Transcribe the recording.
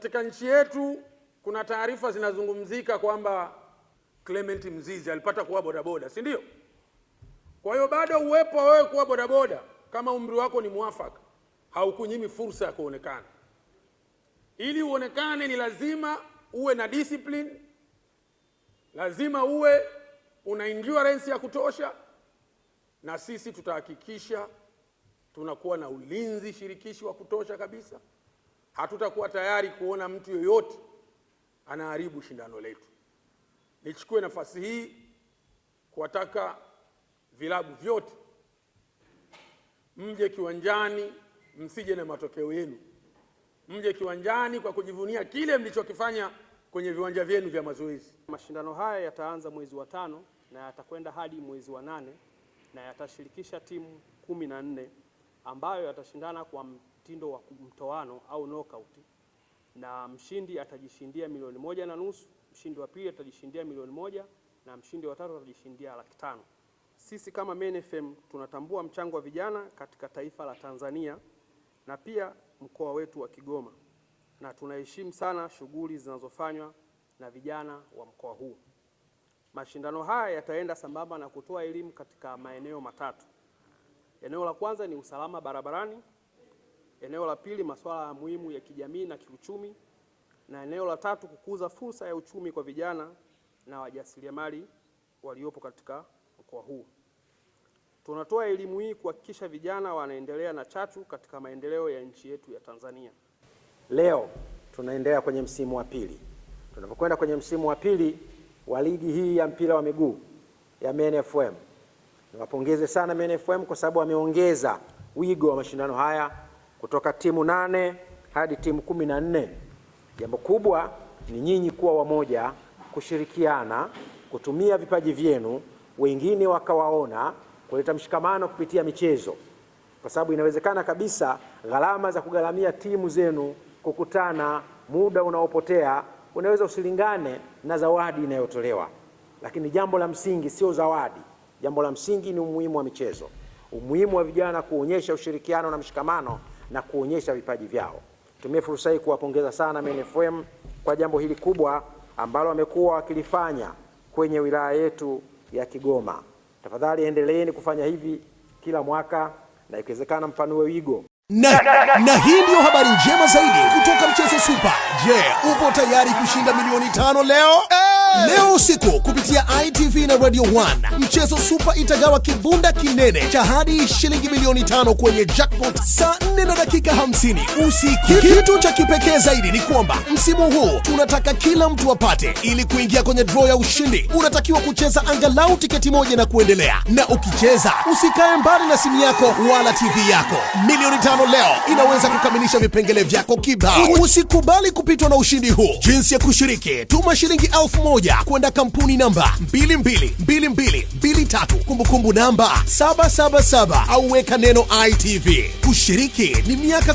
Katika nchi yetu kuna taarifa zinazungumzika kwamba Clement Mzizi alipata kuwa bodaboda, si ndio? Kwa hiyo bado uwepo wa wewe kuwa bodaboda kama umri wako ni mwafaka haukunyimi fursa ya kuonekana. Ili uonekane, ni lazima uwe na discipline, lazima uwe una endurance ya kutosha, na sisi tutahakikisha tunakuwa na ulinzi shirikishi wa kutosha kabisa hatutakuwa tayari kuona mtu yoyote anaharibu shindano letu. Nichukue nafasi hii kuwataka vilabu vyote mje kiwanjani, msije na matokeo yenu, mje kiwanjani kwa kujivunia kile mlichokifanya kwenye viwanja vyenu vya mazoezi. Mashindano haya yataanza mwezi wa tano na yatakwenda hadi mwezi wa nane na yatashirikisha timu kumi na nne ambayo yatashindana kwa mtindo wa mtoano au knockout, na mshindi atajishindia milioni moja na nusu, mshindi wa pili atajishindia milioni moja na mshindi wa tatu atajishindia laki tano. Sisi kama Main FM tunatambua mchango wa vijana katika taifa la Tanzania na pia mkoa wetu wa Kigoma na tunaheshimu sana shughuli zinazofanywa na vijana wa mkoa huu. Mashindano haya yataenda sambamba na kutoa elimu katika maeneo matatu. Eneo la kwanza ni usalama barabarani. Eneo la pili, masuala muhimu ya kijamii na kiuchumi, na eneo la tatu, kukuza fursa ya uchumi kwa vijana na wajasiriamali waliopo katika mkoa huu. Tunatoa elimu hii kuhakikisha vijana wanaendelea na chachu katika maendeleo ya nchi yetu ya Tanzania. Leo tunaendelea kwenye msimu wa pili. Tunapokwenda kwenye msimu wa pili wa ligi hii ya mpira wa miguu ya MNFM, niwapongeze sana MNFM kwa sababu wameongeza wigo wa mashindano haya kutoka timu nane hadi timu kumi na nne. Jambo kubwa ni nyinyi kuwa wamoja, kushirikiana, kutumia vipaji vyenu, wengine wakawaona, kuleta mshikamano kupitia michezo, kwa sababu inawezekana kabisa gharama za kugharamia timu zenu kukutana, muda unaopotea unaweza usilingane na zawadi inayotolewa. Lakini jambo la msingi sio zawadi, jambo la msingi ni umuhimu wa michezo, umuhimu wa vijana kuonyesha ushirikiano na mshikamano na kuonyesha vipaji vyao. Tumie fursa hii kuwapongeza sana MNFM kwa jambo hili kubwa ambalo wamekuwa wakilifanya kwenye wilaya yetu ya Kigoma. Tafadhali endeleeni kufanya hivi kila mwaka na ikiwezekana mpanue wigo na, na, na, na hii ndiyo habari njema zaidi kutoka mchezo Super. Je, upo tayari kushinda milioni tano leo? Eh! Leo usiku kupitia ITV na Radio 1 mchezo Super itagawa kibunda kinene cha hadi shilingi milioni tano kwenye jackpot saa 4 na dakika hamsini usiku. Kitu cha kipekee zaidi ni kwamba msimu huu tunataka kila mtu apate. Ili kuingia kwenye draw ya ushindi, unatakiwa kucheza angalau tiketi moja na kuendelea, na ukicheza usikae mbali na simu yako wala TV yako. Milioni tano leo inaweza kukamilisha vipengele vyako kibao. Usikubali kupitwa na ushindi huu. Jinsi ya kushiriki: tuma shilingi elfu moja kwenda kampuni namba 222223 kumbukumbu namba 777 au weka neno ITV. Kushiriki ni miaka